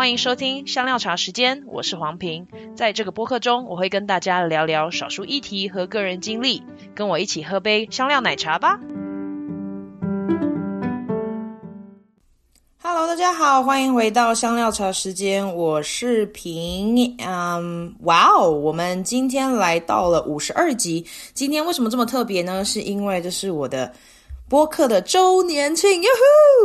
歡迎收聽香料茶時間，我是黃平。在這個播客中，我會跟大家聊聊少數議題和個人經歷，跟我一起喝杯香料奶茶吧。Hello，大家好，歡迎回到香料茶時間，我是平。嗯，哇哦，我們今天來到了五十二集。今天為什麼這麼特別呢？是因為這是我的播客的週年慶，喲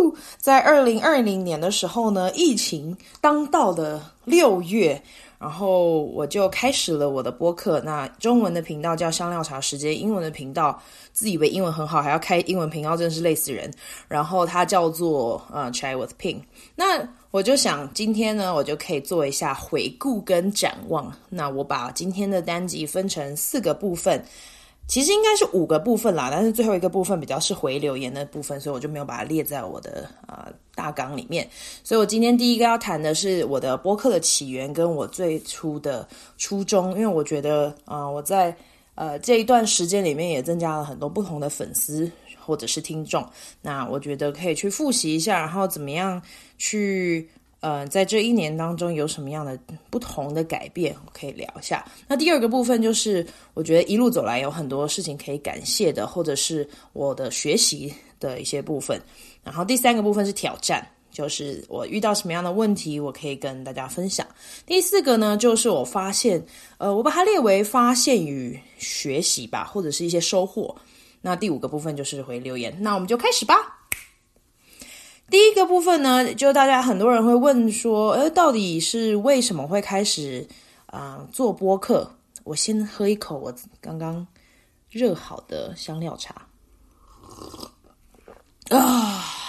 呼！在二零二零年的時候呢，疫情當道的六月，然後我就開始了我的播客。那中文的頻道叫香料茶時間，英文的頻道自以為英文很好，還要開英文頻道，真是累死人。然後它叫做呃，uh，Chai with Ping。那我就想，今天呢，我就可以做一下回顧跟展望。那我把今天的單集分成四個部分。其實應該是五個部分啦，但是最後一個部分比較是回留言的部分，所以我就沒有把它列在我的呃大綱裡面。所以我今天第一個要談的是我的播客的起源跟我最初的初衷，因為我覺得啊，呃，我在呃這一段時間裡面也增加了很多不同的粉絲或者是聽眾，那我覺得可以去複習一下，然後怎麼樣去。呃，在這一年當中有什麼樣的不同的改變，可以聊一下。那第二個部分就是，我覺得一路走來有很多事情可以感謝的，或者是我的學習的一些部分。然後第三個部分是挑戰，就是我遇到什麼樣的問題，我可以跟大家分享。第四個呢，就是我發現，呃，我把它列為發現與學習吧，或者是一些收穫。那第五個部分就是回留言。那我們就開始吧。第一個部分呢，就大家很多人會問說，誒、呃，到底是為什麼會開始啊、呃、做播客？我先喝一口我剛剛熱好的香料茶。啊。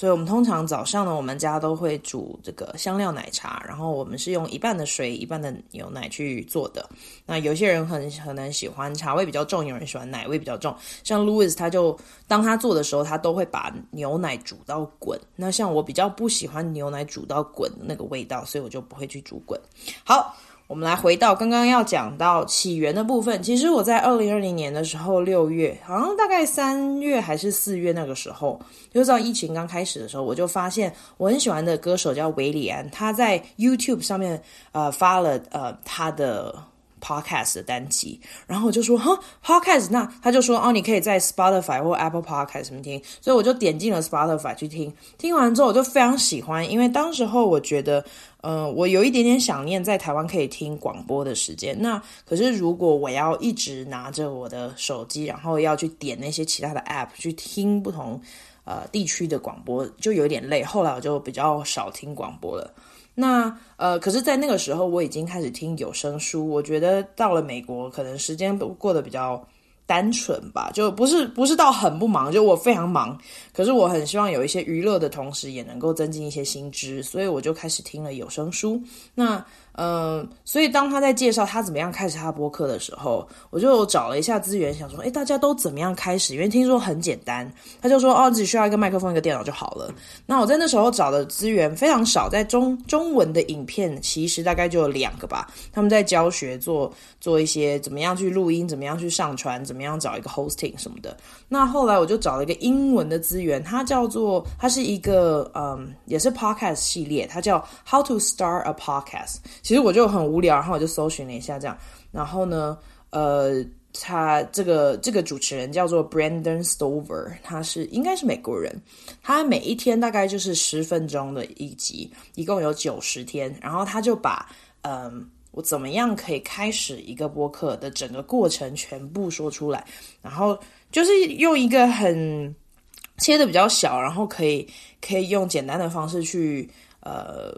所以，我們通常早上呢，我們家都會煮這個香料奶茶。然後，我們是用一半的水，一半的牛奶去做的。那有些人很可能喜歡茶味比較重，有人喜歡奶味比較重。像 Louis，他就當他做的時候，他都會把牛奶煮到滾。那像我比較不喜歡牛奶煮到滾的那個味道，所以我就不會去煮滾。好。我們來回到剛剛要講到起源的部分。其實我在二零二零年的時候，六月好像大概三月還是四月那個時候，就知道疫情剛開始的時候，我就發現我很喜歡的歌手叫韋禮安，他在 YouTube 上面呃發了呃他的。Podcast 的單集，然後我就說哈 Podcast，那他就說哦，你可以在 Spotify 或 Apple Podcast 什麼聽，所以我就點進了 Spotify 去聽。聽完之後我就非常喜歡，因為當時候我覺得，呃，我有一點點想念在台灣可以聽廣播的時間。那可是如果我要一直拿着我的手機，然後要去點那些其他的 App 去聽不同呃地區的廣播，就有點累。後來我就比較少聽廣播了。那呃，可是，在那個時候，我已經開始聽有聲書。我覺得到了美國，可能時間都過得比較單純吧，就不是不是到很不忙，就我非常忙。可是我很希望有一些娛樂的同時，也能夠增進一些新知，所以我就開始聽了有聲書。那。嗯，所以當他在介紹他怎麼樣開始他的播客的時候，我就找了一下資源，想說，哎，大家都怎麼樣開始？因為聽說很簡單，他就說，哦，只需要一個麥克風、一個電腦就好了。那我在那時候找的資源非常少，在中中文的影片其實大概就有兩個吧，他們在教學做做一些怎麼樣去錄音、怎麼樣去上傳、怎麼樣找一個 hosting 什麼的。那後來我就找了一個英文的資源，它叫做它是一個嗯，也是 podcast 系列，它叫 How to Start a Podcast。其實我就很無聊，然後我就搜尋了一下，這樣，然後呢，呃，他這個這個主持人叫做 Brandon Stover，他是應該是美國人，他每一天大概就是十分鐘的一集，一共有九十天，然後他就把，嗯、呃，我怎麼樣可以開始一個播客的整個過程全部說出來，然後就是用一個很切得比較小，然後可以可以用簡單的方式去，呃。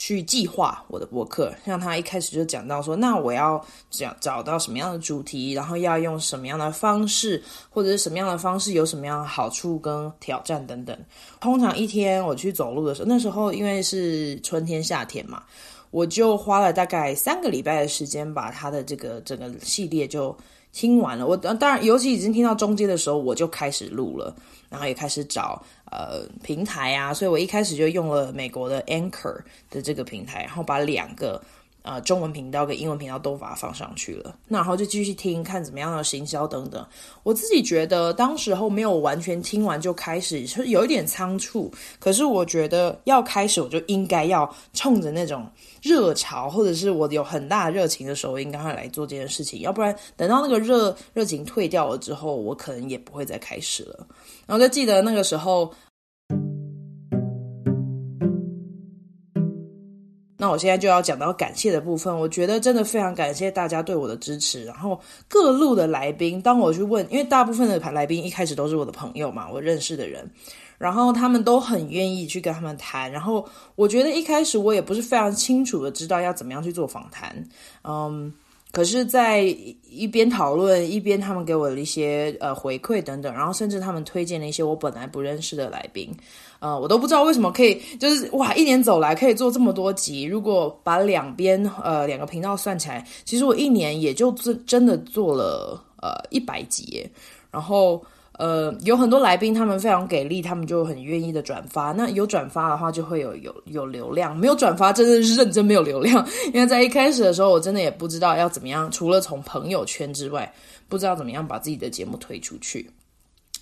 去計劃我的播客，像他一開始就講到說，那我要找找到什麼樣的主題，然後要用什麼樣的方式，或者是什麼樣的方式有什麼樣的好處跟挑戰等等。通常一天我去走路的時候，那時候因為是春天夏天嘛，我就花了大概三個禮拜的時間，把他的這個整個系列就。聽完了，我、啊、當然，尤其已經聽到中間的時候，我就開始錄了，然後也開始找呃平台啊，所以我一開始就用了美國的 Anchor 的這個平台，然後把兩個。呃，中文頻道跟英文頻道都把它放上去了，那然後就繼續聽看怎麼樣的行銷等等。我自己覺得，當時候沒有完全聽完就開始，是有一點倉促。可是我覺得要開始，我就應該要衝着那種熱潮，或者是我有很大的熱情的時候，應該會來做這件事情。要不然等到那個熱熱情退掉了之後，我可能也不會再開始了。然後就記得那個時候。我現在就要講到感謝的部分，我覺得真的非常感謝大家對我的支持，然後各路的來賓。當我去問，因為大部分的來賓一開始都是我的朋友嘛，我認識的人，然後他們都很願意去跟他們談。然後我覺得一開始我也不是非常清楚的知道要怎麼樣去做訪談，嗯。可是，在一邊討論一邊，他們給我一些呃回饋等等，然後甚至他們推薦了一些我本來不認識的來賓，呃，我都不知道為什麼可以，就是哇，一年走來可以做這麼多集。如果把兩邊呃兩個頻道算起來，其實我一年也就真真的做了呃一百集，然後。呃，有很多來賓他們非常給力，他們就很願意的轉發。那有轉發的話，就會有有有流量；沒有轉發，真的是認真沒有流量。因為在一開始的時候，我真的也不知道要怎麼樣，除了從朋友圈之外，不知道怎麼樣把自己的節目推出去。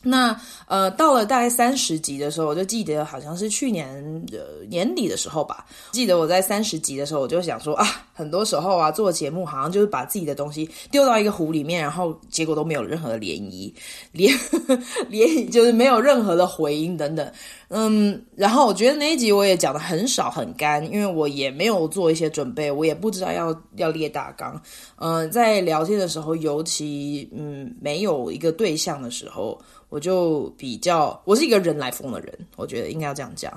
那呃，到了大概三十集的時候，我就記得好像是去年呃年底的時候吧。記得我在三十集的時候，我就想說啊，很多時候啊，做節目好像就是把自己的東西丟到一個湖裡面，然後結果都沒有任何的漣漪，漣漣就是沒有任何的回音等等。嗯，然後我覺得那一集我也講的很少很乾，因為我也沒有做一些準備，我也不知道要要列大綱。嗯、呃，在聊天的時候，尤其嗯沒有一個對象的時候，我。我就比較，我是一個人來瘋的人，我覺得應該要這樣講，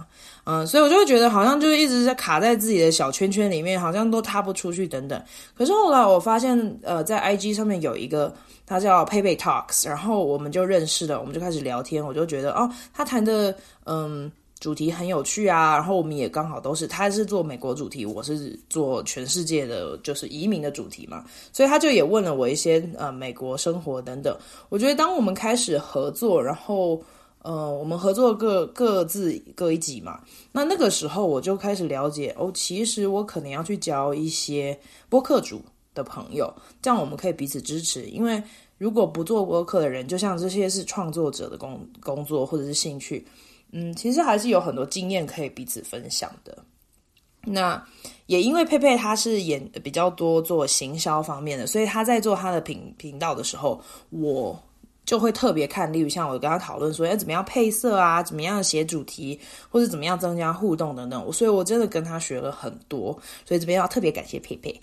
嗯，所以我就會覺得好像就一直在卡在自己的小圈圈裡面，好像都踏不出去等等。可是後來我發現，呃，在 IG 上面有一個，他叫 PeiPeitalks，然後我們就認識了，我們就開始聊天，我就覺得哦，他談的，嗯。主題很有趣啊，然後我們也剛好都是，他是做美國主題，我是做全世界的，就是移民的主題嘛，所以他就也問了我一些呃美國生活等等。我覺得當我們開始合作，然後呃我們合作各各自各一集嘛，那那個時候我就開始了解哦，其實我可能要去交一些播客主的朋友，這樣我們可以彼此支持，因為如果不做播客的人，就像這些是創作者的工工作或者是興趣。嗯，其實還是有很多經驗可以彼此分享的。那也因為佩佩他是演比較多做行銷方面的，所以他在做他的頻頻道的時候，我就會特別看，例如像我跟他討論說要、欸、怎麼樣配色啊，怎麼樣寫主題，或是怎麼樣增加互動等等，所以我真的跟他學了很多。所以這邊要特別感謝佩佩。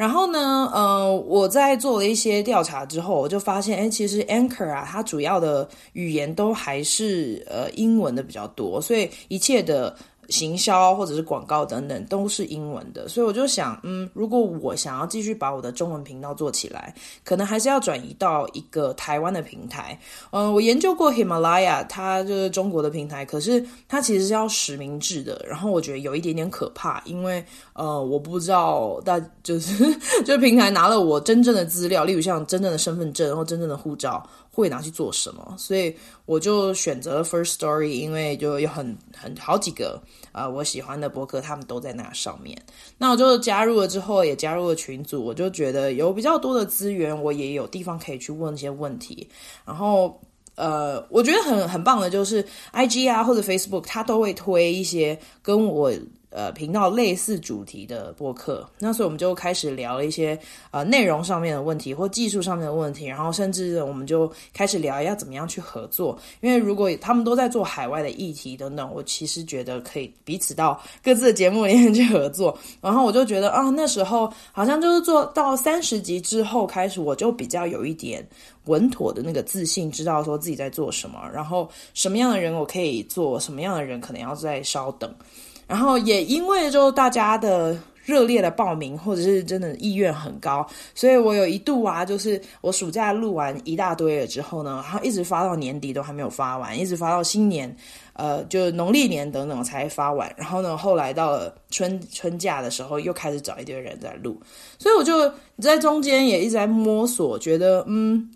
然後呢，呃，我在做了一些調查之後，我就發現，哎、欸，其實 Anchor 啊，它主要的語言都還是呃英文的比較多，所以一切的。行銷或者是廣告等等都是英文的，所以我就想，嗯，如果我想要繼續把我的中文頻道做起來，可能還是要轉移到一個台灣的平台。嗯，我研究過 Himalaya，它就是中國的平台，可是它其實是要實名制的，然後我覺得有一點點可怕，因為呃，我不知道大就是 就平台拿了我真正的資料，例如像真正的身份證或真正的護照。會拿去做什麼？所以我就選擇了 Firstory，因為就有很很好幾個啊、呃，我喜歡的播客，他們都在那上面。那我就加入了之後，也加入了群組，我就覺得有比較多的資源，我也有地方可以去問一些問題。然後呃，我覺得很很棒的就是 IG 啊或者 Facebook，它都會推一些跟我。呃，頻道類似主題的播客，那所以我們就開始聊一些呃內容上面的問題或技術上面的問題，然後甚至我們就開始聊要怎麼樣去合作，因為如果他們都在做海外的議題等等，我其實覺得可以彼此到各自的節目裡面去合作。然後我就覺得啊，那時候好像就是做到三十集之後開始，我就比較有一點穩妥的那個自信，知道說自己在做什麼，然後什麼樣的人我可以做，什麼樣的人可能要再稍等。然後也因為就大家的熱烈的報名，或者是真的意願很高，所以我有一度啊，就是我暑假錄完一大堆了之後呢，然後一直發到年底都還沒有發完，一直發到新年，呃，就農曆年等等才發完。然後呢，後來到了春春假的時候，又開始找一堆人在錄，所以我就在中間也一直在摸索，覺得嗯。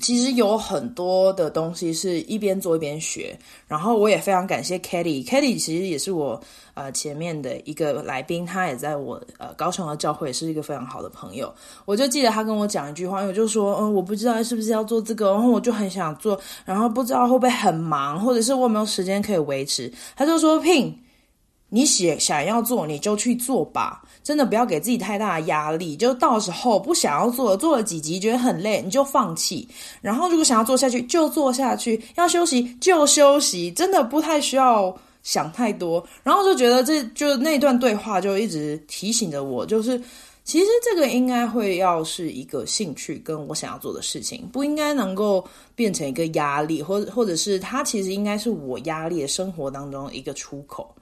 其實有很多的東西是一邊做一邊學，然後我也非常感謝 Caddy，Caddy 其實也是我呃前面的一個來賓，他也在我呃高雄的教會是一個非常好的朋友。我就記得他跟我講一句話，我就說嗯，我不知道是不是要做這個，然後我就很想做，然後不知道會不會很忙，或者是我沒有時間可以維持。他就說 Ping。」 你想想要做，你就去做吧，真的不要給自己太大的壓力。就到時候不想要做，做了幾集覺得很累，你就放棄。然後如果想要做下去，就做下去；要休息就休息，真的不太需要想太多。然後就覺得這就那段對話就一直提醒着我，就是其實這個應該會要是一個興趣，跟我想要做的事情，不應該能夠變成一個壓力，或或者是它其實應該是我壓力的生活當中一個出口。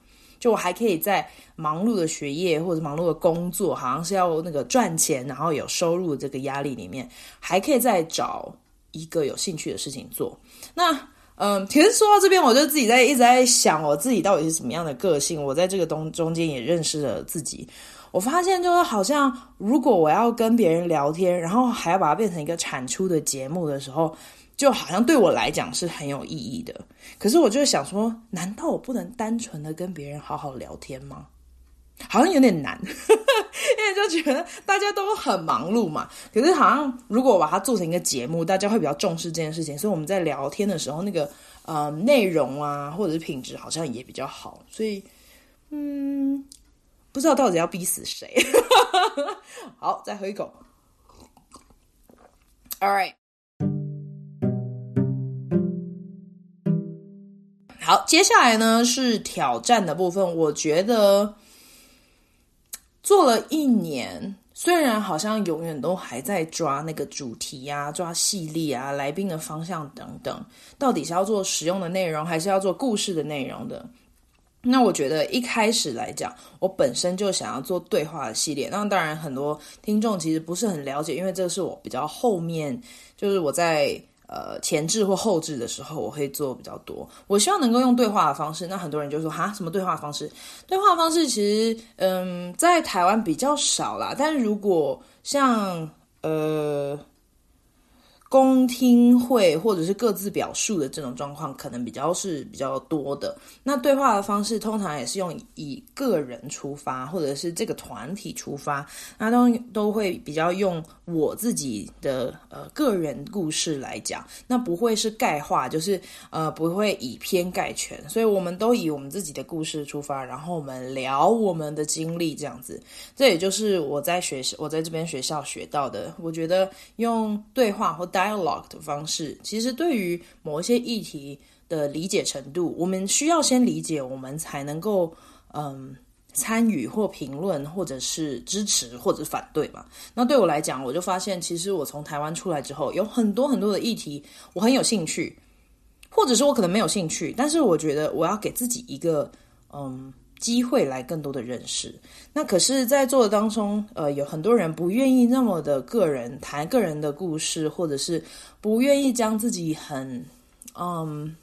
就我還可以在忙碌的學業或者忙碌的工作，好像是要那個賺錢，然後有收入這個壓力裡面，還可以再找一個有興趣的事情做。那嗯，其實說到這邊，我就自己在一直在想，我自己到底是什麼樣的個性。我在這個東中間也認識了自己，我發現就是好像如果我要跟別人聊天，然後還要把它變成一個產出的節目的時候，就好像對我來講是很有意義的，可是我就想說，難道我不能單純的跟別人好好聊天嗎？好像有點難，因為就覺得大家都很忙碌嘛。可是好像如果我把它做成一個節目，大家會比較重視這件事情，所以我們在聊天的時候，那個呃內容啊，或者是品質好像也比較好。所以嗯，不知道到底要逼死誰。好，再喝一口。All right。好，接下來呢是挑戰的部分。我覺得做了一年，雖然好像永遠都還在抓那個主題呀、啊、抓系列啊、來賓的方向等等，到底是要做實用的內容，還是要做故事的內容的？那我覺得一開始來講，我本身就想要做對話的系列。那當然，很多聽眾其實不是很了解，因為這是我比較後面，就是我在。呃，前置或後置的時候，我會做比較多。我希望能夠用對話的方式。那很多人就說，哈，什麼對話方式？對話方式其實，嗯，在台灣比較少啦。但是如果像，呃。公聽會或者是各自表述的這種狀況，可能比較是比較多的。那對話的方式通常也是用以個人出發，或者是這個團體出發。那都都會比較用我自己的呃個人故事來講，那不會是概化，就是呃不會以偏概全。所以我們都以我們自己的故事出發，然後我們聊我們的經歷，這樣子。這也就是我在學校，我在這邊學校學到的。我覺得用對話或大。dialogue 的方式，其實對於某一些議題的理解程度，我們需要先理解，我們才能夠嗯參與或評論，或者是支持或者反對嘛。那對我來講，我就發現，其實我從台灣出來之後，有很多很多的議題，我很有興趣，或者是我可能沒有興趣，但是我覺得我要給自己一個嗯。機會來更多的認識，那可是，在座的當中，呃，有很多人不願意那麼的個人談個人的故事，或者是不願意將自己很，嗯，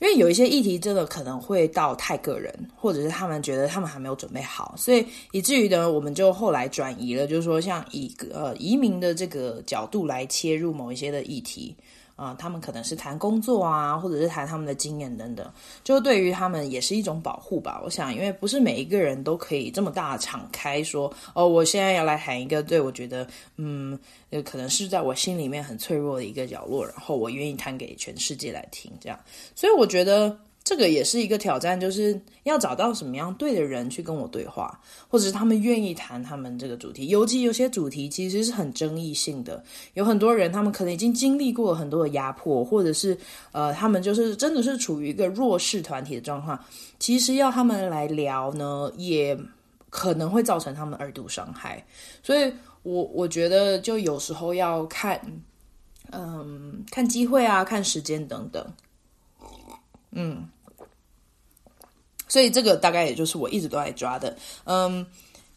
因為有一些議題真的可能會到太個人，或者是他們覺得他們還沒有準備好，所以以至於呢，我們就後來轉移了，就是說，像以呃移民的這個角度來切入某一些的議題。啊、呃，他們可能是談工作啊，或者是談他們的經驗等等，就對於他們也是一種保護吧。我想，因為不是每一個人都可以這麼大敞開說，哦，我現在要來談一個，對，我覺得，嗯，可能是在我心裡面很脆弱的一個角落，然後我願意談給全世界來聽，這樣。所以我覺得。這個也是一個挑戰，就是要找到什麼樣對的人去跟我對話，或者是他們願意談他們這個主題。尤其有些主題其實是很爭議性的，有很多人他們可能已經經歷過很多的壓迫，或者是呃，他們就是真的是處於一個弱勢團體的狀況。其實要他們來聊呢，也可能會造成他們二度傷害。所以我，我我覺得就有時候要看，嗯，看機會啊，看時間等等，嗯。所以這個大概也就是我一直都在抓的，嗯，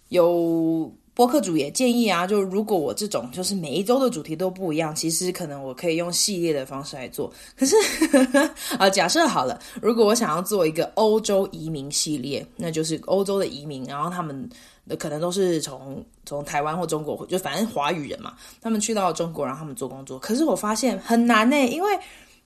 有播客主也建議啊，就如果我這種就是每一周的主題都不一樣，其實可能我可以用系列的方式來做。可是啊呵呵，假設好了，如果我想要做一個歐洲移民系列，那就是歐洲的移民，然後他們可能都是從從台灣或中國，就反正華語人嘛，他們去到中國，然後他們做工作。可是我發現很難呢，因為。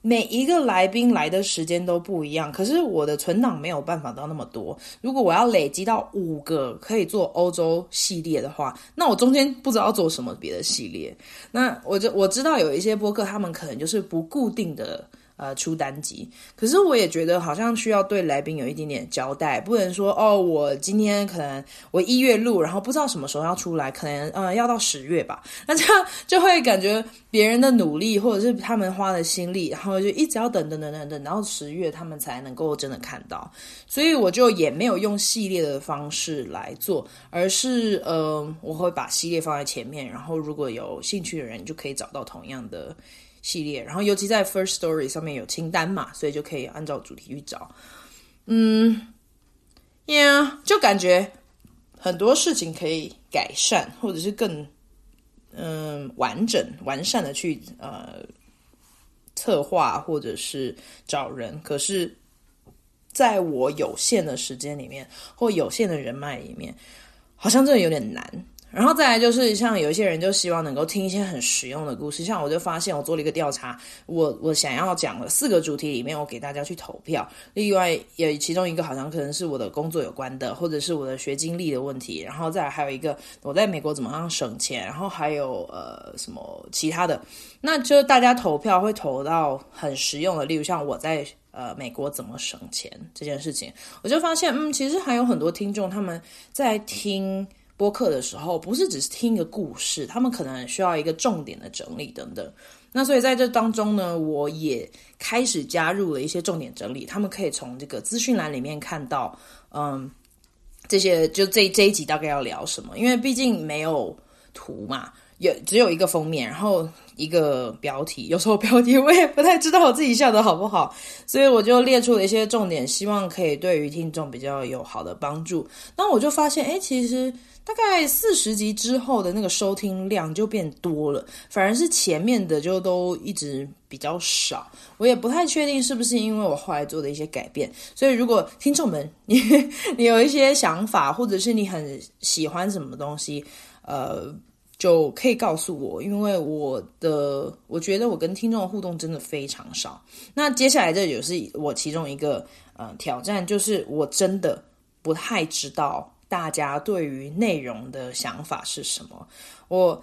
每一個來賓來的時間都不一樣，可是我的存檔沒有辦法到那麼多。如果我要累積到五個可以做歐洲系列的話，那我中間不知道要做什麼別的系列。那我就，我知道有一些播客，他們可能就是不固定的。呃，出單集，可是我也覺得好像需要對來賓有一點點交代，不能說哦，我今天可能我一月錄，然後不知道什麼時候要出來，可能呃要到十月吧，那這樣就會感覺別人的努力或者是他們花的心力，然後就一直要等等等等等，然後十月他們才能夠真的看到，所以我就也沒有用系列的方式來做，而是嗯、呃，我會把系列放在前面，然後如果有興趣的人就可以找到同樣的。系列，然後尤其在 Firstory 上面有清單嘛，所以就可以按照主題去找。嗯，呀、yeah，就感覺很多事情可以改善，或者是更嗯完整、完善的去呃策劃，或者是找人。可是，在我有限的時間裡面，或有限的人脈裡面，好像真的有點難。然後再來就是像有一些人就希望能夠聽一些很實用的故事，像我就發現我做了一個調查，我我想要講的四個主題裡面，我給大家去投票。另外有其中一個好像可能是我的工作有關的，或者是我的學經歷的問題。然後再來還有一個我在美國怎麼樣省錢，然後還有呃什麼其他的，那就大家投票會投到很實用的，例如像我在呃美國怎麼省錢這件事情，我就發現嗯其實還有很多聽眾他們在聽。播客的時候，不是只是聽一個故事，他們可能需要一個重點的整理等等。那所以在這當中呢，我也開始加入了一些重點整理，他們可以從這個資訊欄裡面看到，嗯，這些就這這一集大概要聊什麼。因為畢竟沒有圖嘛，有只有一個封面，然後一個標題。有時候標題我也不太知道我自己下的好不好，所以我就列出了一些重點，希望可以對於聽眾比較有好的幫助。那我就發現，哎、欸，其實。大概四十集之後的那個收聽量就變多了，反而是前面的就都一直比較少。我也不太確定是不是因為我後來做的一些改變。所以，如果聽眾們你你有一些想法，或者是你很喜歡什麼東西，呃，就可以告訴我，因為我的我覺得我跟聽眾互動真的非常少。那接下來這也是我其中一個呃挑戰，就是我真的不太知道。大家對於內容的想法是什麼？我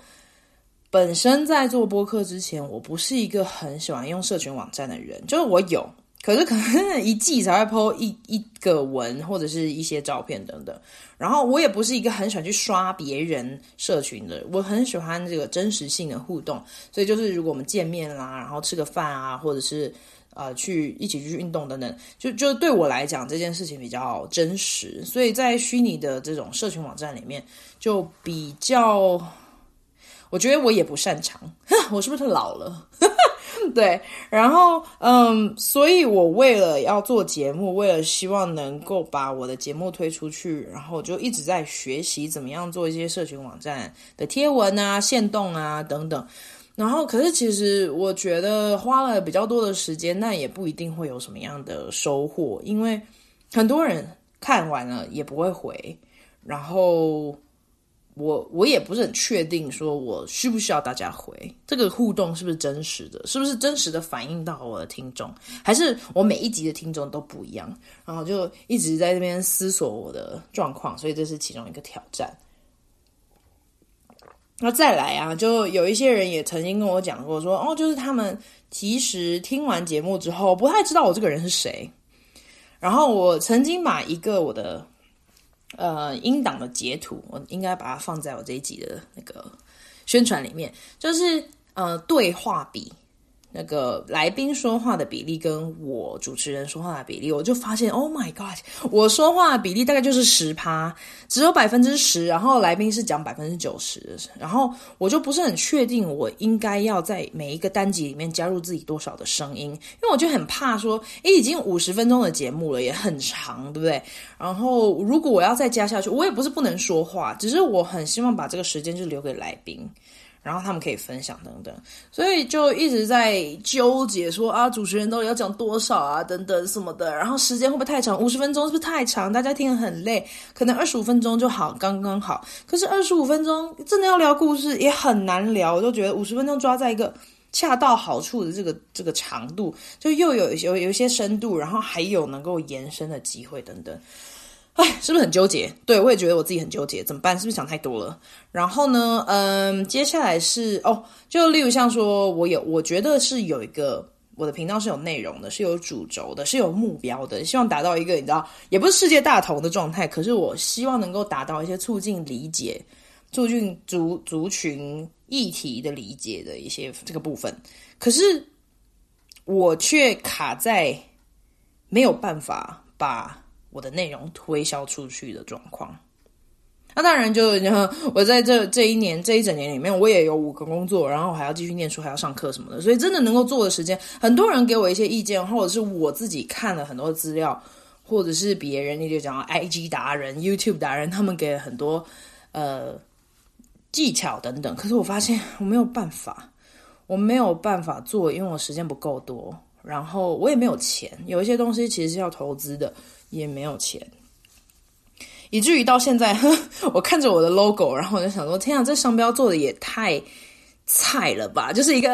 本身在做播客之前，我不是一個很喜歡用社群網站的人，就是我有，可是可能一季才會 PO 一一個文或者是一些照片等等。然後我也不是一個很喜歡去刷別人社群的，我很喜歡這個真實性的互動。所以就是如果我們見面啦，啊，然後吃個飯啊，或者是。呃，去一起去運動等等，就就對我來講這件事情比較真實，所以在虛擬的這種社群網站裡面，就比較，我覺得我也不擅長，我是不是太老了？ 對，然後嗯，所以我為了要做節目，為了希望能夠把我的節目推出去，然後就一直在學習怎麼樣做一些社群網站的貼文啊、限動啊等等。然後，可是其實我覺得花了比較多的時間，那也不一定會有什麼樣的收穫，因為很多人看完了也不會回。然後我我也不是很確定，說我需不需要大家回，這個互動，是不是真實的，是不是真實的反映到我的聽眾，還是我每一集的聽眾都不一樣？然後就一直在這邊思索我的狀況，所以這是其中一個挑戰。那再來啊，就有一些人也曾經跟我講過說，說哦，就是他們其實聽完節目之後，不太知道我這個人是誰。然後我曾經把一個我的呃音檔的截圖，我應該把它放在我這一集的那個宣傳裡面，就是呃對話比。那個來賓說話的比例跟我主持人說話的比例，我就發現，Oh my god，我說話的比例大概就是十趴，只有百分之十，然後來賓是講百分之九十，然後我就不是很確定我應該要在每一個單集裡面加入自己多少的聲音，因為我就很怕說，誒，已經五十分鐘的節目了，也很長，對不對？然後如果我要再加下去，我也不是不能說話，只是我很希望把這個時間就留給來賓。然後他們可以分享等等，所以就一直在糾結說啊，主持人到底要講多少啊，等等什麼的。然後時間會不會太長？五十分鐘是不是太長？大家聽得很累，可能二十五分鐘就好，剛剛好。可是二十五分鐘真的要聊故事也很難聊，我就覺得五十分鐘抓在一個恰到好處的這個這個長度，就又有有有一些深度，然後還有能夠延伸的機會等等。哎，是不是很糾結？對，我也覺得我自己很糾結，怎麼辦？是不是想太多了？然後呢，嗯，接下來是哦，就例如像說，我有，我覺得是有一個我的頻道是有內容的，是有主軸的，是有目標的，希望達到一個你知道，也不是世界大同的狀態，可是我希望能夠達到一些促進理解、促進族族群議題的理解的一些這個部分。可是我卻卡在沒有辦法把。我的內容推銷出去的狀況，那、啊、當然就我在這這一年、這一整年裡面，我也有五個工作，然後還要繼續唸書，還要上課什麼的，所以真的能夠做的時間，很多人給我一些意見，或者是我自己看了很多資料，或者是別人，你就講 IG 達人、YouTube 達人，他們給了很多呃技巧等等。可是我發現我沒有辦法，我沒有辦法做，因為我時間不夠多，然後我也沒有錢，有一些東西其實是要投資的。也沒有錢，以至於到現在，呵呵，我看着我的 logo，然後我就想說：“天啊，這商標做的也太菜了吧！”就是一個，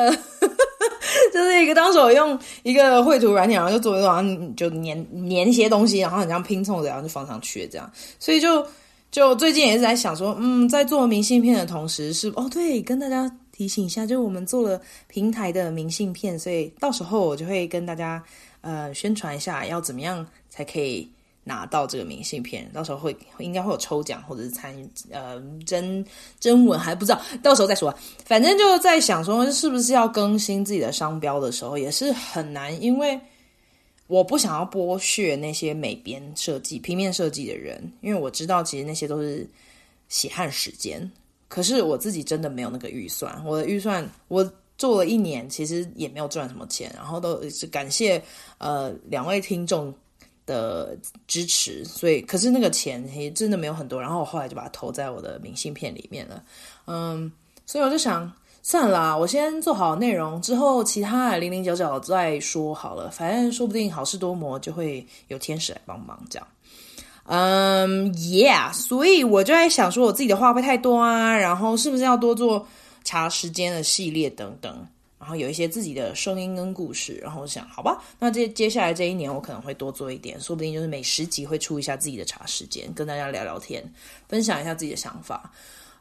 就是一個，當時我用一個繪圖軟件，然後就做做，然後就粘粘一些東西，然後你這樣拼湊着，然後就放上去這樣。所以就就最近也是在想說，嗯，在做明信片的同時是，是哦，對，跟大家提醒一下，就我們做了平台的明信片，所以到時候我就會跟大家呃宣傳一下，要怎麼樣。才可以拿到這個明信片，到時候會應該會有抽獎或者是參與，呃，徵徵文還不知道，到時候再說。反正就是在想說，是不是要更新自己的商標的時候也是很難，因為我不想要剝削那些美編設計、平面設計的人，因為我知道其實那些都是血汗時間。可是我自己真的沒有那個預算，我的預算我做了一年，其實也沒有賺什麼錢，然後都是感謝呃兩位聽眾。的支持，所以可是那個錢也真的沒有很多，然後我後來就把它投在我的明信片裡面了，嗯，所以我就想，算了，我先做好內容，之後其他零零九九再說好了，反正說不定好事多磨，就會有天使來幫忙這樣，嗯，yeah，所以我就在想，說我自己的話會太多啊，然後是不是要多做茶時間的系列等等。然後有一些自己的聲音跟故事，然後想，好吧，那接接下來這一年，我可能會多做一點，說不定就是每十集會出一下自己的茶時間，跟大家聊聊天，分享一下自己的想法。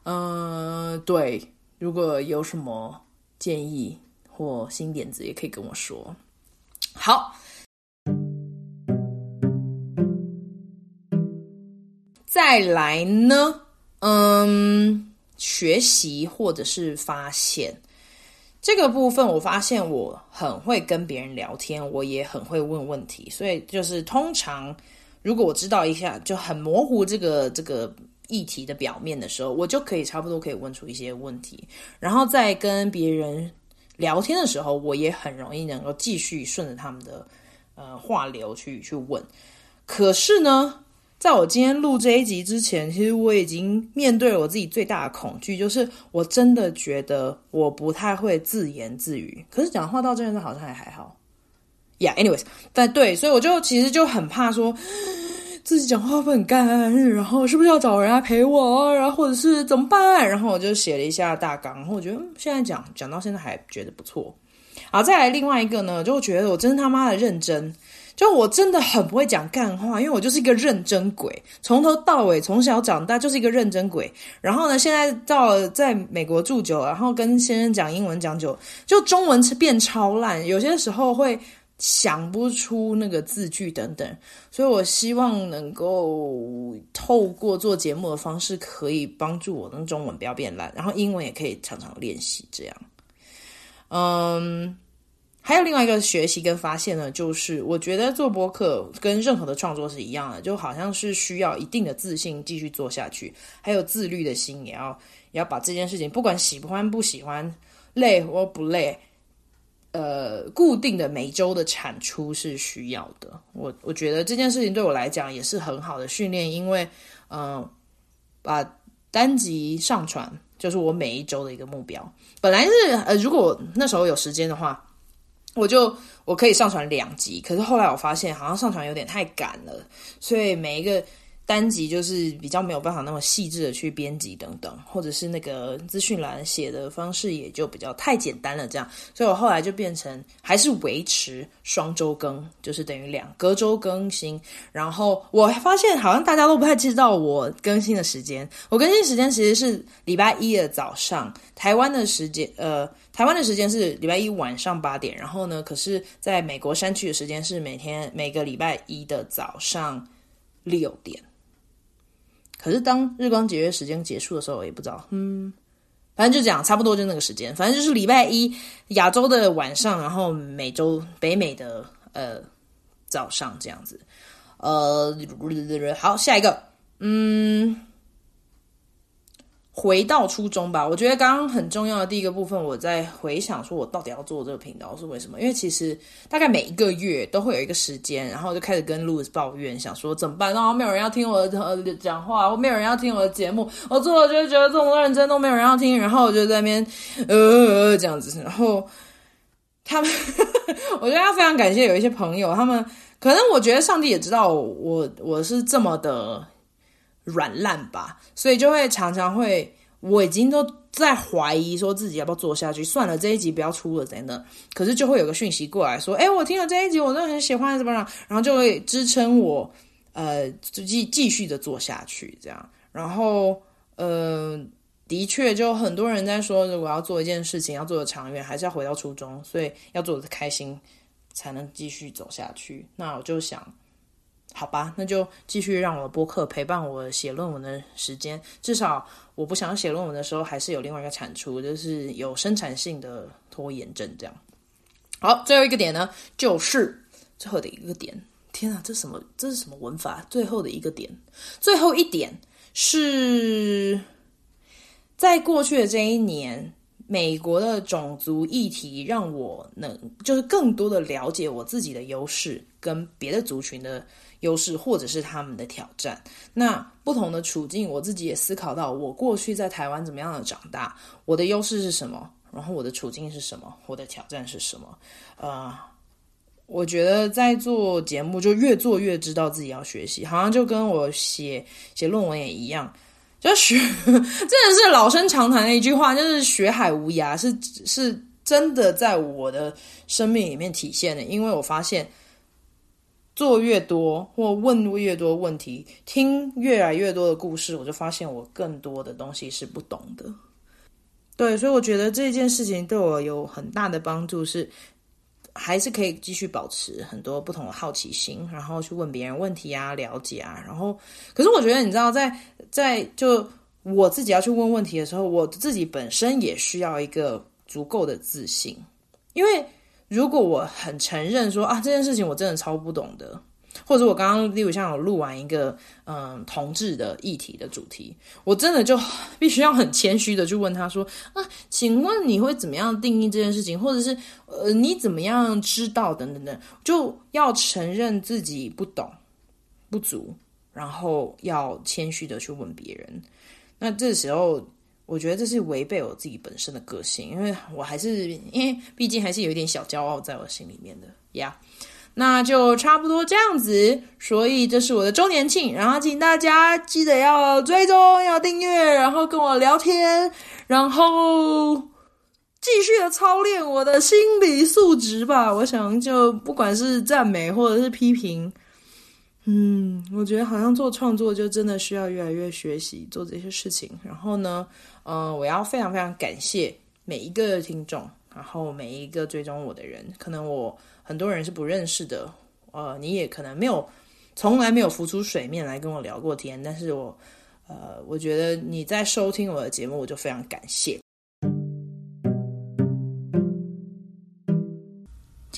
嗯、呃，對，如果有什麼建議或新點子，也可以跟我說。好，再來呢，嗯，學習或者是發現。這個部分我發現我很會跟別人聊天，我也很會問問題，所以就是通常如果我知道一下就很模糊這個這個議題的表面的時候，我就可以差不多可以問出一些問題，然後在跟別人聊天的時候，我也很容易能夠繼續順着他們的呃話流去去問，可是呢。在我今天錄這一集之前，其實我已經面對了我自己最大的恐懼，就是我真的覺得我不太會自言自語。可是講話到這陣子好像也還好，yeah，anyways，但對，所以我就其實就很怕說自己講話不很乾，然後是不是要找人來陪我，然後或者是怎麼辦？然後我就寫了一下大綱，然後我覺得現在講講到現在還覺得不錯。好，再來另外一個呢，就覺得我真他媽的認真。就我真的很不會講幹話，因為我就是一個認真鬼，從頭到尾從小長大就是一個認真鬼。然後呢，現在到了在美國住久了，然後跟先生講英文講久，就中文變超爛，有些時候會想不出那個字句等等。所以，我希望能夠透過做節目的方式，可以幫助我的中文不要變爛，然後英文也可以常常練習這樣。嗯。還有另外一個學習跟發現呢，就是我覺得做播客跟任何的創作是一樣的，就好像是需要一定的自信繼續做下去，還有自律的心，也要也要把這件事情，不管喜歡不喜歡，累或不累，呃，固定的每周的產出是需要的。我我覺得這件事情對我來講也是很好的訓練，因為嗯、呃、把單集上傳就是我每一周的一個目標。本來是呃，如果那時候有時間的話。我就我可以上傳兩集，可是後來我發現好像上傳有點太趕了，所以每一個單集就是比較沒有辦法那麼細緻的去編輯等等，或者是那個資訊欄寫的方式也就比較太簡單了這樣，所以我後來就變成還是維持雙週更，就是等於兩隔週更新。然後我發現好像大家都不太知道我更新的時間，我更新的時間其實是禮拜一的早上，台灣的時間呃，台灣的時間是禮拜一晚上八點，然後呢，可是在美國山區的時間是每天每個禮拜一的早上六點。可是當日光節約時間結束的時候，我也不知道。嗯，反正就講差不多就那個時間，反正就是禮拜一，亞洲的晚上，然後美洲北美的呃，早上這樣子。呃，好，下一個，嗯。回到初衷吧，我覺得剛剛很重要的第一個部分，我在回想，說我到底要做這個頻道是為什麼？因為其實大概每一個月都會有一個時間，然後就開始跟 Louis 抱怨，想說怎麼辦？然後沒有人要聽我的、呃、講話，我沒有人要聽我的節目，我做了就覺得這麼認真都沒有人要聽，然後我就在那邊呃這樣子。然後他們， 我覺得要非常感謝有一些朋友，他們可能我覺得上帝也知道我我，我是這麼的。軟爛吧，所以就會常常會，我已經都在懷疑說自己要不要做下去，算了，這一集不要出了，等等，可是就會有個訊息過來說，哎、欸，我聽了這一集，我真的很喜歡，怎麼了？然後就會支撐我，呃，就繼繼續的做下去，這樣。然後，呃，的確，就很多人在說，如果要做一件事情，要做的長遠，還是要回到初衷，所以要做的開心，才能繼續走下去。那我就想。好吧，那就繼續讓我的播客陪伴我寫論文的時間。至少我不想寫論文的時候，還是有另外一個產出，就是有生產性的拖延症。這樣，好，最後一個點呢，就是最後的一個點。天啊，這什麼？這是什麼文法？最後的一個點，最後一點是，在過去的這一年，美國的種族議題讓我能就是更多的了解我自己的優勢跟別的族群的。優勢，或者是他們的挑戰。那不同的處境，我自己也思考到，我過去在台灣怎麼樣的長大，我的優勢是什麼，然後我的處境是什麼，我的挑戰是什麼。呃，我覺得在做節目就越做越知道自己要學習，好像就跟我寫寫論文也一樣，就學 真的是老生常談的一句話，就是學海無涯，是是真的在我的生命裡面體現的，因為我發現，做越多或問越多問題，聽越來越多的故事，我就發現我更多的東西是不懂的。對，所以我覺得這件事情對我有很大的幫助是，是還是可以繼續保持很多不同的好奇心，然後去問別人問題啊，了解啊。然後，可是我覺得你知道在，在在就我自己要去問問題的時候，我自己本身也需要一個足夠的自信，因為。如果我很承認說，啊，這件事情我真的超不懂的，或者我剛剛例如像我錄完一個嗯同志的議題的主題，我真的就必須要很謙虛的去問他說啊，請問你會怎麼樣定義這件事情，或者是呃你怎麼樣知道等等等，就要承認自己不懂不足，然後要謙虛的去問別人。那這時候。我覺得這是違背我自己本身的個性，因為我還是因為畢竟還是有一點小驕傲在我心裡面的呀。Yeah, 那就差不多這樣子，所以這是我的週年慶，然後請大家記得要追蹤、要訂閱，然後跟我聊天，然後繼續的操練我的心理素質吧。我想，就不管是讚美或者是批評。嗯，我覺得好像做創作就真的需要越來越學習做這些事情。然後呢，呃，我要非常非常感謝每一個聽眾，然後每一個追蹤我的人。可能我很多人是不認識的，呃，你也可能沒有，從來沒有浮出水面來跟我聊過天。但是我，呃，我覺得你在收聽我的節目，我就非常感謝。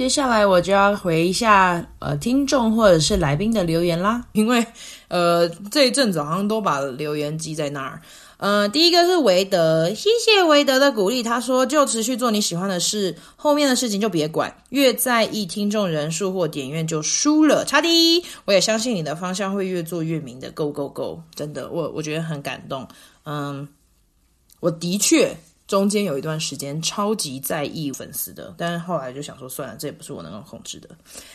接下來我就要回一下呃，聽眾或者是來賓的留言啦，因為呃這一陣子好像都把留言記在那兒。嗯、呃，第一個是韋德，謝謝韋德的鼓勵，他說，就持續做你喜歡的事，後面的事情就別管，越在意聽眾人數或點閱就輸了，差的。我也相信你的方向會越做越明的，GO GO GO，真的，我我覺得很感動。嗯，我的確。中間有一段時間超級在意粉絲的，但是後來就想說算了，這也不是我能夠控制的。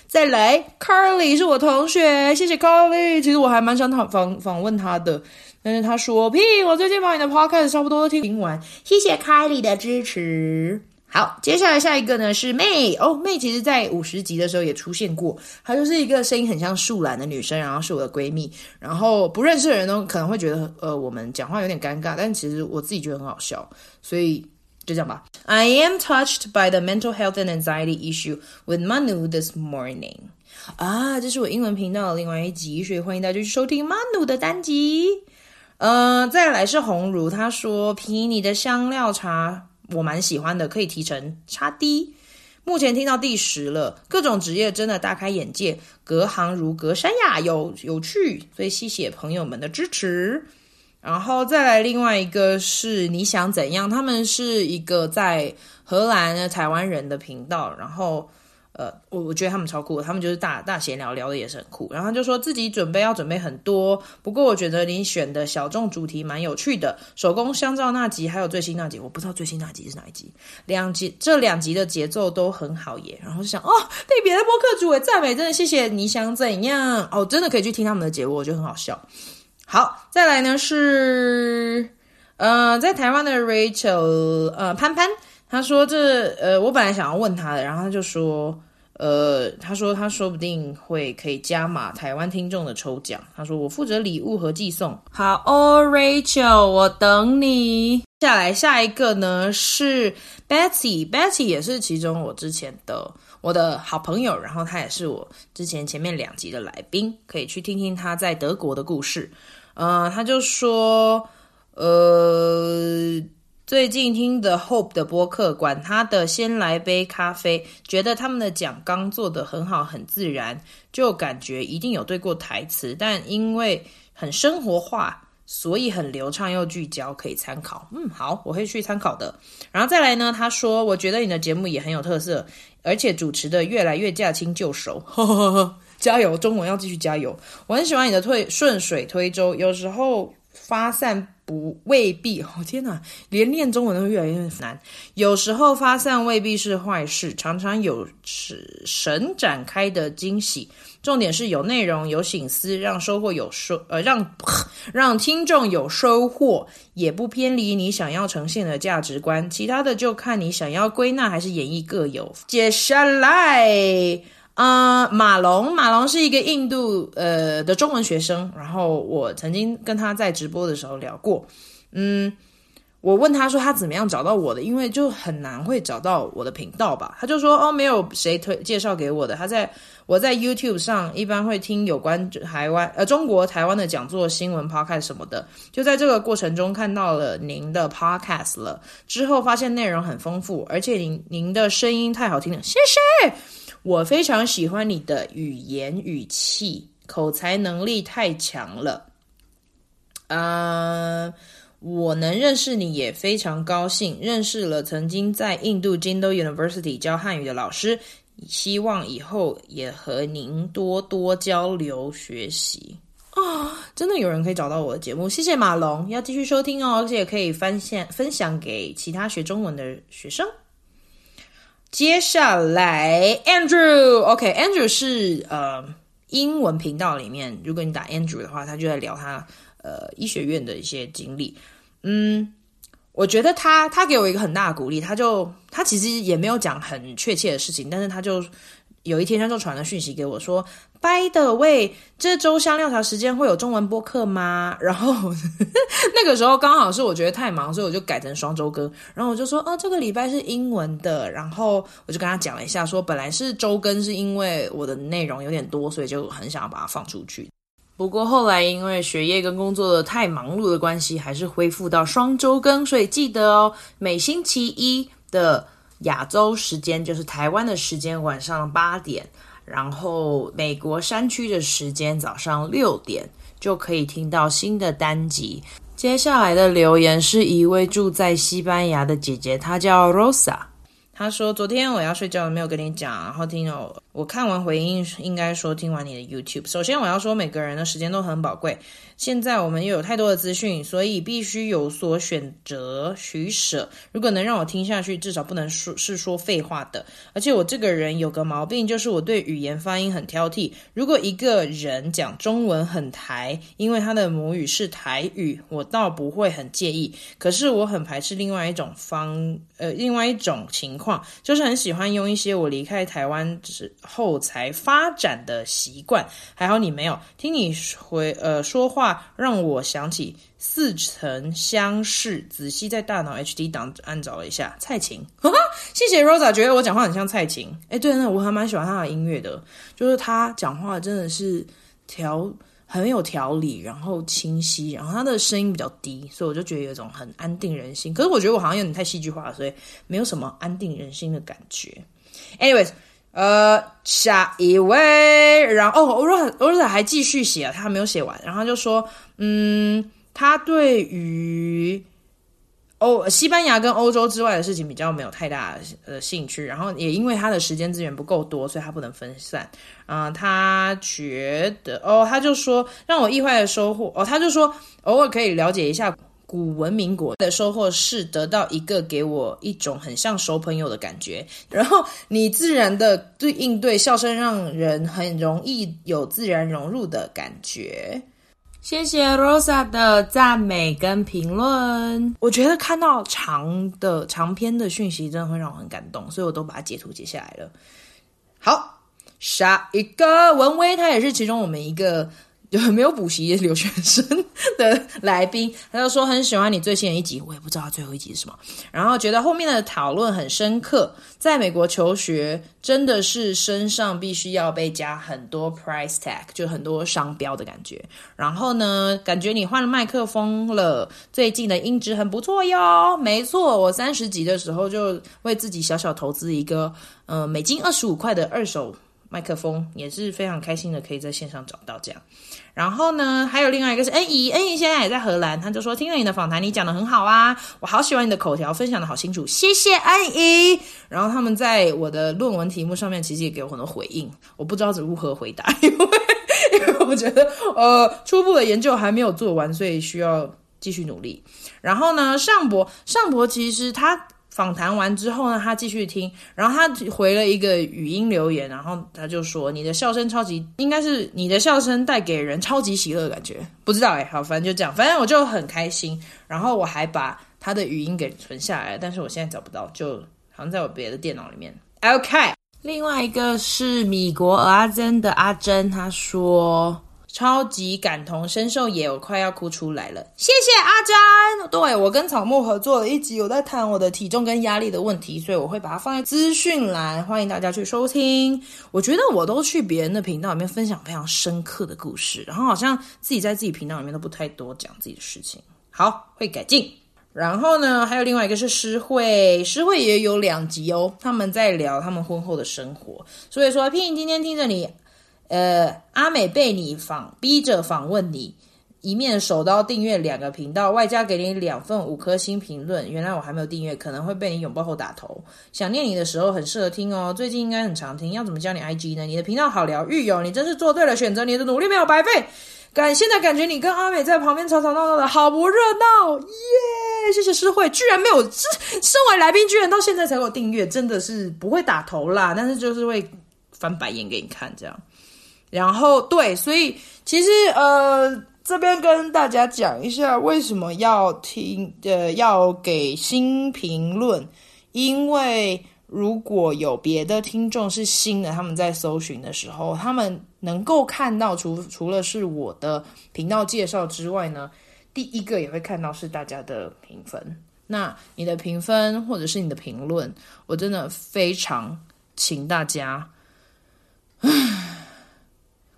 再來，Carly 是我同學，謝謝 Carly。其實我還蠻想訪訪、訪問他的，但是他說屁，Ping，我最近把你的 Podcast 差不多聽聽完。謝謝 Carly 的支持。好，接下來下一個呢是妹哦，妹其實在五十集的時候也出現過，她就是一個聲音很像樹懶的女生，然後是我的閨蜜，然後不認識的人呢可能會覺得呃我們講話有點尷尬，但其實我自己覺得很好笑，所以就這樣吧。I am touched by the mental health and anxiety issue with Manu this morning。啊，這是我英文頻道的另外一集，所以歡迎大家就去收聽 Manu 的單集。嗯、呃，再來是紅茹，她說，Ping 你的香料茶。我蠻喜歡的，可以提成差低。目前聽到第十了，各種職業真的大開眼界，隔行如隔山呀，有有趣。所以謝謝朋友們的支持。然後再來另外一個是你想怎樣？他們是一個在荷蘭的台灣人的頻道，然後。呃，我我覺得他們超酷的，他們就是大大閒聊，聊的也是很酷。然後他就說自己準備要準備很多，不過我覺得你選的小眾主題蠻有趣的，手工香皂那集還有最新那集，我不知道最新那集是哪一集，兩集這兩集的節奏都很好耶。然後就想哦，被別的播客主也讚美，真的謝謝。你想怎樣？哦，真的可以去聽他們的節目，我覺得很好笑。好，再來呢是呃，在台灣的 Rachel 呃潘潘，他說這呃我本來想要問他的，然後他就說。呃，他說他說不定會可以加碼台灣聽眾的抽獎。他說我負責禮物和寄送。好哦 Rachel，我等你。接下來下一個呢是 Betsy，Betsy 也是其中我之前的我的好朋友，然後她也是我之前前面兩集的來賓，可以去聽聽她在德國的故事。呃，他就說，呃。最近聽的 The Hope 的播客，管他的，先來杯咖啡。覺得他們的講綱做得很好，很自然，就感覺一定有對過台詞。但因為很生活化，所以很流暢又聚焦，可以參考。嗯，好，我會去參考的。然後再來呢，他說，我覺得你的節目也很有特色，而且主持的越來越駕輕就熟。呵呵呵，加油，中文要繼續加油。我很喜歡你的推順水推舟，有時候。發散不未必，我天哪，連練中文都越來越難。有時候發散未必是壞事，常常有神展開的驚喜。重點是有內容、有省思，讓收穫有收，呃，讓呃讓聽眾有收穫，也不偏離你想要呈現的價值觀。其他的就看你想要歸納還是演繹各有。接下來。呃，uh, 馬龍，馬龍是一個印度呃的中文學生，然後我曾經跟他在直播的時候聊過，嗯，我問他說他怎麼樣找到我的，因為就很難會找到我的頻道吧，他就說哦，沒有誰推介紹給我的，他在我在 YouTube 上一般會聽有關台灣呃中國台灣的講座、新聞、Podcast 什麼的，就在這個過程中看到了您的 Podcast 了，之後發現內容很豐富，而且您您的聲音太好聽了，謝謝。我非常喜歡你的語言語氣，口才能力太強了。啊、uh，我能認識你也非常高興，認識了曾經在印度金都 University 教漢語的老師，希望以後也和您多多交流學習。啊、哦，真的有人可以找到我的節目，謝謝馬龍，要繼續收聽哦，而且可以分享分享給其他學中文的學生。接下來，Andrew，OK，Andrew、okay, Andrew 是呃英文頻道裡面，如果你打 Andrew 的話，他就在聊他呃醫學院的一些經歷。嗯，我覺得他他給我一個很大的鼓勵，他就他其實也沒有講很確切的事情，但是他就有一天他就傳了訊息給我說。By the way, 這週香料茶時間會有中文播客嗎？然後 那個時候剛好是我覺得太忙，所以我就改成雙周更。然後我就說，哦，這個禮拜是英文的。然後我就跟他講了一下，說本來是周更是因為我的內容有點多，所以就很想要把它放出去。不過後來因為學業跟工作的太忙碌的關係，還是恢復到雙周更。所以記得哦，每星期一的亞洲時間就是台灣的時間晚上八點。然後，美國山區的時間早上六點就可以聽到新的單集。接下來的留言是一位住在西班牙的姐姐，她叫 Rosa，她說：“昨天我要睡覺了，沒有跟你講，然後聽了。”我看完回應，應該說聽完你的 YouTube。首先，我要說每個人的時間都很寶貴。現在我們又有太多的資訊，所以必須有所選擇取捨。如果能讓我聽下去，至少不能說是說廢話的。而且我這個人有個毛病，就是我對語言發音很挑剔。如果一個人講中文很台，因為他的母語是台語，我倒不會很介意。可是我很排斥另外一種方，呃，另外一種情況，就是很喜歡用一些我離開台灣就是。後才發展的習慣，還好你沒有聽你回呃說話，讓我想起似曾相識。仔細在大腦 HD 檔案找了一下，蔡琴。呵呵，謝謝 Rosa，覺得我講話很像蔡琴。哎、欸，對，那我還蠻喜歡他的音樂的，就是他講話真的是條很有條理，然後清晰，然後他的聲音比較低，所以我就覺得有一種很安定人心。可是我覺得我好像有點太戲劇化，所以沒有什麼安定人心的感覺。Anyways。呃，下一位，然後哦，歐若歐若還繼續寫啊，他還沒有寫完，然後就說，嗯，他對於歐、哦、西班牙跟歐洲之外的事情比較沒有太大的呃興趣，然後也因為他的時間資源不夠多，所以他不能分散。啊、嗯，他覺得，哦，他就說讓我意外的收穫，哦，他就說偶爾可以了解一下。古文明國的收穫是得到一個給我一種很像熟朋友的感覺，然後你自然的對應對笑聲，讓人很容易有自然融入的感覺。謝謝 Rosa 的讚美跟評論，我覺得看到長的長篇的訊息真的會讓我很感動，所以我都把它截圖截下來了。好，下一個雯薇，他也是其中我們一個。就沒有補習留學生的來賓，他就說很喜歡你最新的一集，我也不知道最後一集是什麼，然後覺得後面的討論很深刻，在美國求學真的是身上必須要被加很多 price tag，就很多商標的感覺。然後呢，感覺你換了麥克風了，最近的音質很不錯喲。沒錯，我三十集的時候就為自己小小投資一個，呃，美金二十五塊的二手。麥克風也是非常開心的，可以在線上找到這樣。然後呢，還有另外一個是恩怡，恩怡現在也在荷蘭，他就說聽了你的訪談，你講得很好啊，我好喜歡你的口條，分享得好清楚，謝謝恩怡。然後他們在我的論文題目上面，其實也給我很多回應，我不知道是如何回答，因為因為我覺得呃，初步的研究還沒有做完，所以需要繼續努力。然後呢，尚博尚博其實他。訪談完之後呢，他繼續聽，然後他回了一個語音留言，然後他就說：“你的笑聲超級，應該是你的笑聲帶給人超級喜樂的感覺，不知道哎、欸，好，反正就這樣，反正我就很開心，然後我還把他的語音給存下來，但是我現在找不到，就好像在我別的電腦裡面。OK，另外一個是米國阿珍的阿珍，她說。超級感同身受，也有我快要哭出來了。謝謝阿詹，對我跟草木合作了一集，有在談我的體重跟壓力的問題，所以我會把它放在資訊欄，歡迎大家去收聽。我覺得我都去別人的頻道裡面分享非常深刻的故事，然後好像自己在自己頻道裡面都不太多講自己的事情，好會改進。然後呢，還有另外一個是詩慧，詩慧也有兩集哦，他們在聊他們婚後的生活，所以說 Ping 今天聽着你，呃，阿美，被你訪逼着訪問你，一面手刀訂閱兩個頻道，外加給你兩份五顆星評論。原來我還沒有訂閱，可能會被你擁抱後打頭。想念你的時候很適合聽哦，最近應該很常聽。要怎麼教你 IG 呢？你的頻道好療癒哦，你真是做對了選擇，你的努力沒有白費。感現在感覺你跟阿美在旁邊吵吵鬧鬧的好不熱鬧，耶、yeah！謝謝詩慧，居然沒有身，身為來賓居然到現在才給我訂閱，真的是不會打頭啦，但是就是會翻白眼給你看這樣。然後對，所以其實呃，這邊跟大家講一下，為什麼要聽呃，要給星評論，因為如果有別的聽眾是新的，他們在搜尋的時候，他們能夠看到除除了是我的頻道介紹之外呢，第一個也會看到是大家的評分。那你的評分或者是你的評論，我真的非常請大家，唉。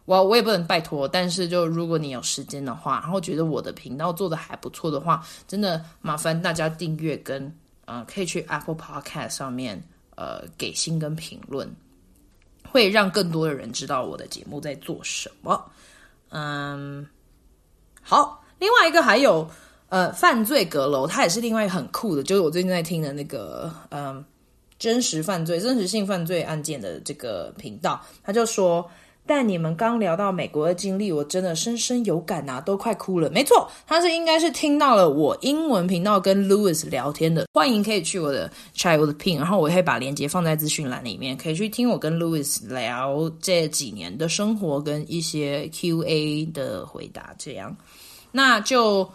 我我也不能拜託，但是就如果你有時間的話，然後覺得我的頻道做的還不錯的話，真的麻煩大家訂閱跟啊、呃，可以去 Apple Podcast 上面呃給星跟評論，會讓更多的人知道我的節目在做什麼。嗯，好，另外一個還有呃犯罪閣樓，它也是另外一個很酷的，就是我最近在聽的那個嗯、呃、真實犯罪真實性犯罪案件的這個頻道，他就說。但你們剛聊到美國的經歷，我真的深深有感啊，都快哭了。沒錯，他是應該是聽到了我英文頻道跟 Louis 聊天的。歡迎可以去我的 Chai with Ping，然後我會把鏈接放在資訊欄裡面，可以去聽我跟 Louis 聊這幾年的生活跟一些 Q&A 的回答。這樣，那就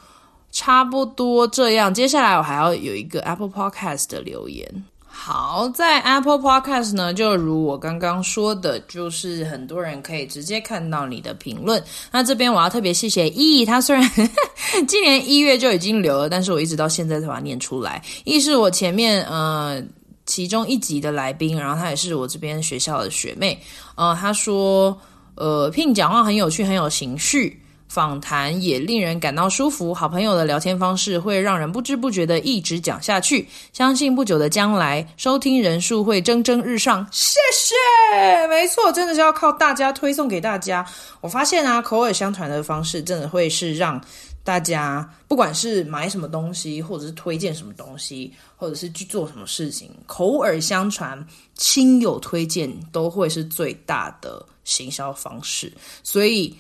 差不多這樣。接下來我還要有一個 Apple Podcast 的留言。好，在 Apple Podcast 呢，就如我剛剛說的，就是很多人可以直接看到你的評論。那這邊我要特別謝謝 Yi，他雖然 今年一月就已經留了，但是我一直到現在才把它念出來。Yi 是我前面呃其中一集的來賓，然後他也是我這邊學校的學妹。呃，他說，呃，Ping 講話很有趣，很有情緒。訪談也令人感到舒服，好朋友的聊天方式會讓人不知不覺的一直講下去。相信不久的將來，收聽人數會蒸蒸日上。謝謝！沒錯，真的是要靠大家推送給大家。我發現啊，口耳相傳的方式真的會是讓大家，不管是買什麼東西，或者是推薦什麼東西，或者是去做什麼事情，口耳相傳、親友推薦都會是最大的行銷方式。所以，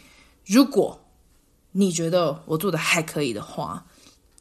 如果你覺得我做的還可以的話，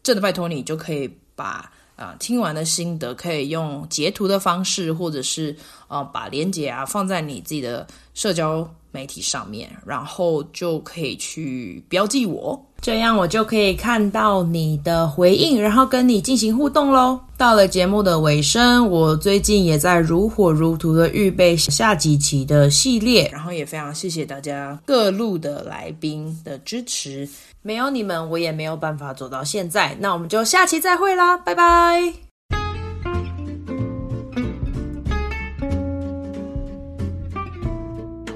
真的拜托你就可以把啊聽完的心得，可以用截圖的方式，或者是啊把鏈接啊放在你自己的社交媒體上面，然後就可以去標記我，這樣我就可以看到你的回應，然後跟你進行互動嘍。到了節目的尾聲，我最近也在如火如荼的預備下幾期的系列，然後也非常謝謝大家各路的來賓的支持，沒有你們我也沒有辦法走到現在。那我們就下期再會啦，拜拜。